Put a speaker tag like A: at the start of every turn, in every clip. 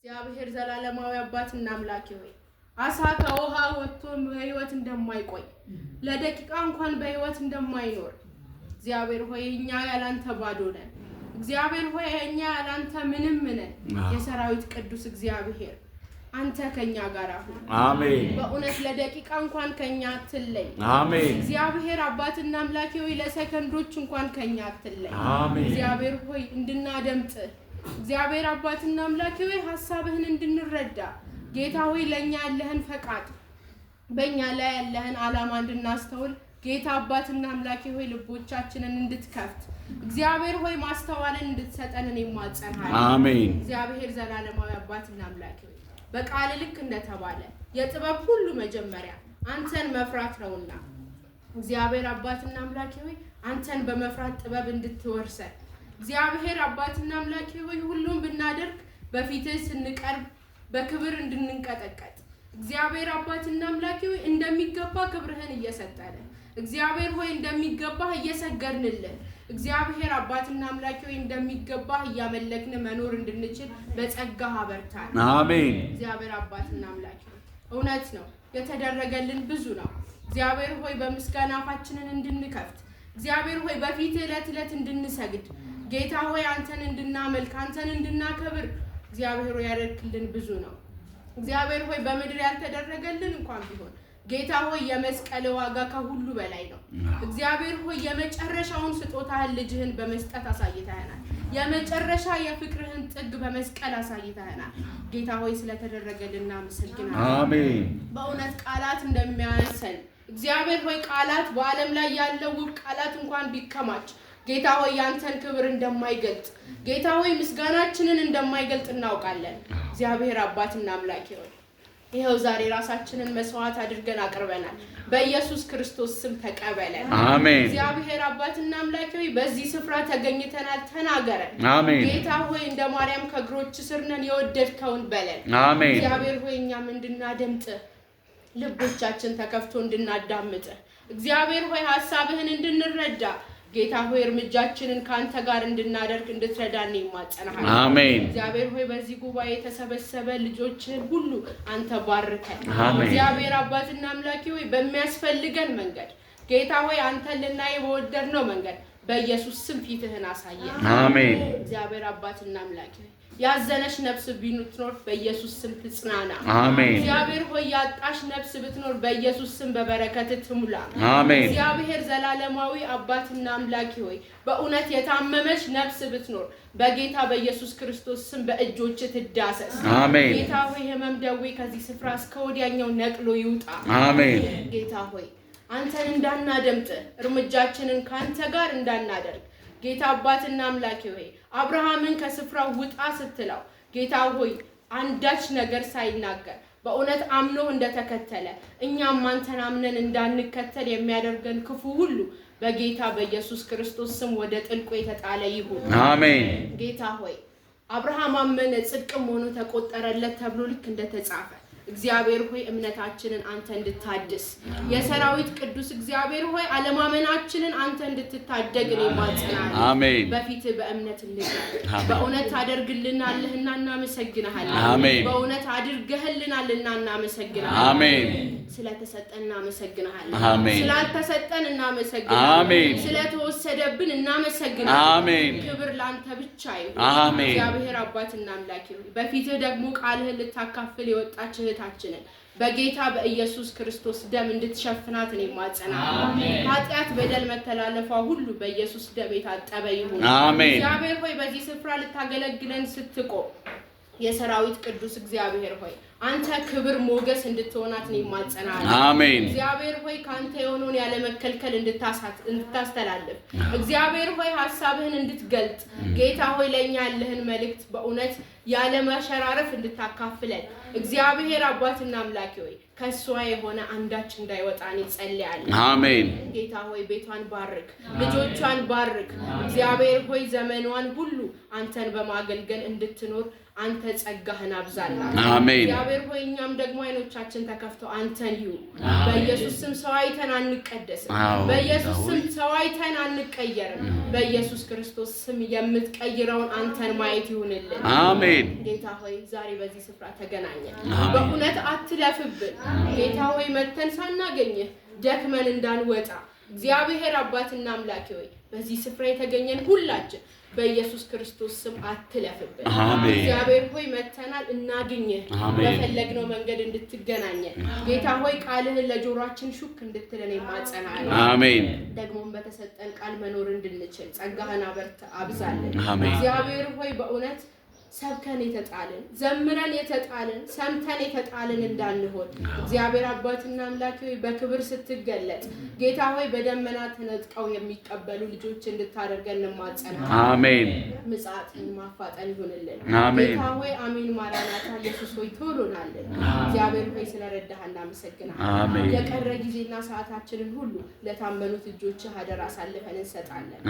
A: እግዚአብሔር ዘላለማዊ አባትና አምላኬ ሆይ አሳ ከውሃ ወጥቶ በህይወት እንደማይቆይ ለደቂቃ እንኳን በህይወት እንደማይኖር እግዚአብሔር ሆይ እኛ ያላንተ ባዶ ነን። እግዚአብሔር ሆይ እኛ ያላንተ ምንም ነን። የሰራዊት ቅዱስ እግዚአብሔር አንተ ከኛ ጋር አሁን አሜን። በእውነት ለደቂቃ እንኳን ከኛ አትለይ። አሜን። እግዚአብሔር አባትና አምላኬ ሆይ ለሰከንዶች እንኳን ከኛ አትለይ። አሜን። እግዚአብሔር ሆይ እንድናደምጥ እግዚአብሔር አባትና አምላኬ ሆይ ሀሳብህን እንድንረዳ ጌታ ሆይ ለእኛ ያለህን ፈቃድ በእኛ ላይ ያለህን ዓላማ እንድናስተውል ጌታ አባትና አምላኬ ሆይ ልቦቻችንን እንድትከፍት እግዚአብሔር ሆይ ማስተዋልን እንድትሰጠን እኔ ማጸናል። አሜን። እግዚአብሔር ዘላለማዊ አባትና አምላኬ ሆይ በቃል ልክ እንደተባለ የጥበብ ሁሉ መጀመሪያ አንተን መፍራት ነውና እግዚአብሔር አባትና አምላኬ ሆይ አንተን በመፍራት ጥበብ እንድትወርሰን እግዚአብሔር አባትና አምላኬ ሆይ ሁሉም ብናደርግ በፊትህ ስንቀርብ በክብር እንድንንቀጠቀጥ እግዚአብሔር አባትና አምላኬ ሆይ እንደሚገባ ክብርህን እየሰጠንን እግዚአብሔር ሆይ እንደሚገባህ እየሰገድንልን እግዚአብሔር አባትና አምላኬ ሆይ እንደሚገባህ እያመለክን መኖር እንድንችል በጸጋህ አበርታል። አሜን። እግዚአብሔር አባትና አምላኬ ሆይ እውነት ነው የተደረገልን ብዙ ነው። እግዚአብሔር ሆይ በምስጋና አፋችንን እንድንከፍት እግዚአብሔር ሆይ በፊት ዕለት ዕለት እንድንሰግድ ጌታ ሆይ አንተን እንድናመልክ አንተን እንድናከብር እግዚአብሔር ያደርክልን ብዙ ነው። እግዚአብሔር ሆይ በምድር ያልተደረገልን እንኳን ቢሆን ጌታ ሆይ የመስቀል ዋጋ ከሁሉ በላይ ነው። እግዚአብሔር ሆይ የመጨረሻውን ስጦታህን ልጅህን በመስጠት አሳይተህናል። የመጨረሻ የፍቅርህን ጥግ በመስቀል አሳይተህናል። ጌታ ሆይ ስለተደረገልን እናመሰግናለን። አሜን። በእውነት ቃላት እንደሚያንሰን እግዚአብሔር ሆይ ቃላት በዓለም ላይ ያለው ውብ ቃላት እንኳን ቢከማች ጌታ ሆይ ያንተን ክብር እንደማይገልጥ ጌታ ሆይ ምስጋናችንን እንደማይገልጥ እናውቃለን። እግዚአብሔር አባትና አምላኬ ሆይ ይኸው ዛሬ ራሳችንን መስዋዕት አድርገን አቅርበናል። በኢየሱስ ክርስቶስ ስም ተቀበለን። አሜን። እግዚአብሔር አባትና አምላኬ ሆይ በዚህ ስፍራ ተገኝተናል፣ ተናገረን። አሜን። ጌታ ሆይ እንደ ማርያም ከእግሮች ስር ነን፣ የወደድከውን በለን። አሜን። እግዚአብሔር ሆይ እኛም እንድናደምጥ ልቦቻችን ተከፍቶ እንድናዳምጥ እግዚአብሔር ሆይ ሀሳብህን እንድንረዳ ጌታ ሆይ እርምጃችንን ከአንተ ጋር እንድናደርግ እንድትረዳን ይማጸናሃል። አሜን። እግዚአብሔር ሆይ በዚህ ጉባኤ የተሰበሰበ ልጆችን ሁሉ አንተ ባርከን። እግዚአብሔር አባትና አምላኪ ሆይ በሚያስፈልገን መንገድ ጌታ ሆይ አንተ ልናይ በወደድነው መንገድ በኢየሱስ ስም ፊትህን አሳየን። አሜን። እግዚአብሔር አባትና አምላኪ ሆይ ያዘነች ነፍስ ብትኖር በኢየሱስ ስም ትጽናና። አሜን። እግዚአብሔር ሆይ ያጣሽ ነፍስ ብትኖር በኢየሱስ ስም በበረከት ትሙላ። አሜን። እግዚአብሔር ዘላለማዊ አባትና አምላኪ ሆይ በእውነት የታመመች ነፍስ ብትኖር በጌታ በኢየሱስ ክርስቶስ ስም በእጆች ትዳሰስ። አሜን። ጌታ ሆይ ሕመም ደዌ ከዚህ ስፍራ እስከ ወዲያኛው ነቅሎ ይውጣ። አሜን። ጌታ ሆይ አንተን እንዳናደምጥ እርምጃችንን ከአንተ ጋር እንዳናደርግ ጌታ አባትና አምላኬ ሆይ አብርሃምን ከስፍራው ውጣ ስትለው ጌታ ሆይ አንዳች ነገር ሳይናገር በእውነት አምኖ እንደተከተለ እኛም አንተን አምነን እንዳንከተል የሚያደርገን ክፉ ሁሉ በጌታ በኢየሱስ ክርስቶስ ስም ወደ ጥልቁ የተጣለ ይሁን። አሜን። ጌታ ሆይ አብርሃም አመነ፣ ጽድቅም ሆኖ ተቆጠረለት ተብሎ ልክ እንደተጻፈ እግዚአብሔር ሆይ እምነታችንን አንተ እንድታድስ የሰራዊት ቅዱስ እግዚአብሔር ሆይ አለማመናችንን አንተ እንድትታደግ እኔ እማጸናለሁ። አሜን። በፊት በእምነት እንጋ በእውነት ታደርግልናለህና እናመሰግናለን። አሜን። በእውነት አድርገህልናልና እናመሰግናለን። አሜን። ስለተሰጠን እናመሰግናለን። አሜን። ስላልተሰጠን እናመሰግናለን። አሜን። ስለተወሰደብን እናመሰግናለን። አሜን። ክብር ላንተ ብቻ ይሁን። አሜን። እግዚአብሔር አባትና አምላክ ይሁን። በፊትህ ደግሞ ቃልህን ልታካፍል የወጣችህ ሰውነታችንን በጌታ በኢየሱስ ክርስቶስ ደም እንድትሸፍናት እኔ ማጸናለሁ። ኃጢአት፣ በደል፣ መተላለፏ ሁሉ በኢየሱስ ደም የታጠበ ይሁን። አሜን። እግዚአብሔር ሆይ በዚህ ስፍራ ልታገለግለን ስትቆም የሰራዊት ቅዱስ እግዚአብሔር ሆይ አንተ ክብር ሞገስ እንድትሆናት ነው የማጸናለሁ። አሜን። እግዚአብሔር ሆይ ካንተ የሆነውን ያለመከልከል እንድታስተላልፍ፣ እግዚአብሔር ሆይ ሀሳብህን እንድትገልጥ፣ ጌታ ሆይ ለእኛ ያለህን መልእክት በእውነት ያለመሸራረፍ እንድታካፍለን፣ እግዚአብሔር አባትና አምላኬ ሆይ ከእሷ የሆነ አንዳች እንዳይወጣን ይጸልያል። አሜን። ጌታ ሆይ ቤቷን ባርክ፣ ልጆቿን ባርክ። እግዚአብሔር ሆይ ዘመኗን ሁሉ አንተን በማገልገል እንድትኖር አንተ ጸጋህን አብዛላ። አሜን። እግዚአብሔር ሆይ እኛም ደግሞ አይኖቻችን ተከፍተው አንተን ይሁ በኢየሱስ ስም ሰው አይተን አንቀደስም። በኢየሱስ ስም ሰው አይተን አንቀየርም። በኢየሱስ ክርስቶስ ስም የምትቀይረውን አንተን ማየት ይሁንልን። አሜን። ጌታ ሆይ ዛሬ በዚህ ስፍራ ተገናኘን። በእውነት አትለፍብን ጌታ ሆይ መተን ሳናገኘህ ደክመን እንዳንወጣ እግዚአብሔር አባትና አምላኬ ሆይ በዚህ ስፍራ የተገኘን ሁላችን በኢየሱስ ክርስቶስ ስም አትለፍብን። እግዚአብሔር ሆይ መተናል፣ እናግኝህ
B: በፈለግነው
A: መንገድ እንድትገናኘን ጌታ ሆይ ቃልህን ለጆሯችን ሹክ እንድትለን የማጸናል። አሜን። ደግሞም በተሰጠን ቃል መኖር እንድንችል ጸጋህን አበርት አብዛለን። እግዚአብሔር ሆይ በእውነት ሰብከን የተጣልን ዘምረን የተጣልን ሰምተን የተጣልን እንዳንሆን እግዚአብሔር አባትና አምላክ ሆይ በክብር ስትገለጥ ጌታ ሆይ በደመና ተነጥቀው የሚቀበሉ ልጆች እንድታደርገን እንማጸናለን። አሜን። ምጽአትን ማፋጠን ይሆንልን። ጌታ ሆይ አሜን። ማራናታ ኢየሱስ ሆይ ቶሎናለን። እግዚአብሔር ሆይ ስለረዳህ እናመሰግናለን። የቀረ ጊዜና ሰዓታችንን ሁሉ ለታመኑት እጆች አደራ አሳልፈን እንሰጣለን።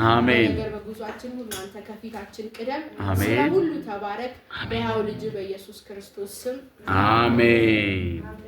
A: ነገር በጉዟችን ሁሉ አንተ ከፊታችን ቅደም። ስለ ሁሉ ተባረክ። በሕያው ልጅ በኢየሱስ ክርስቶስ ስም
B: አሜን።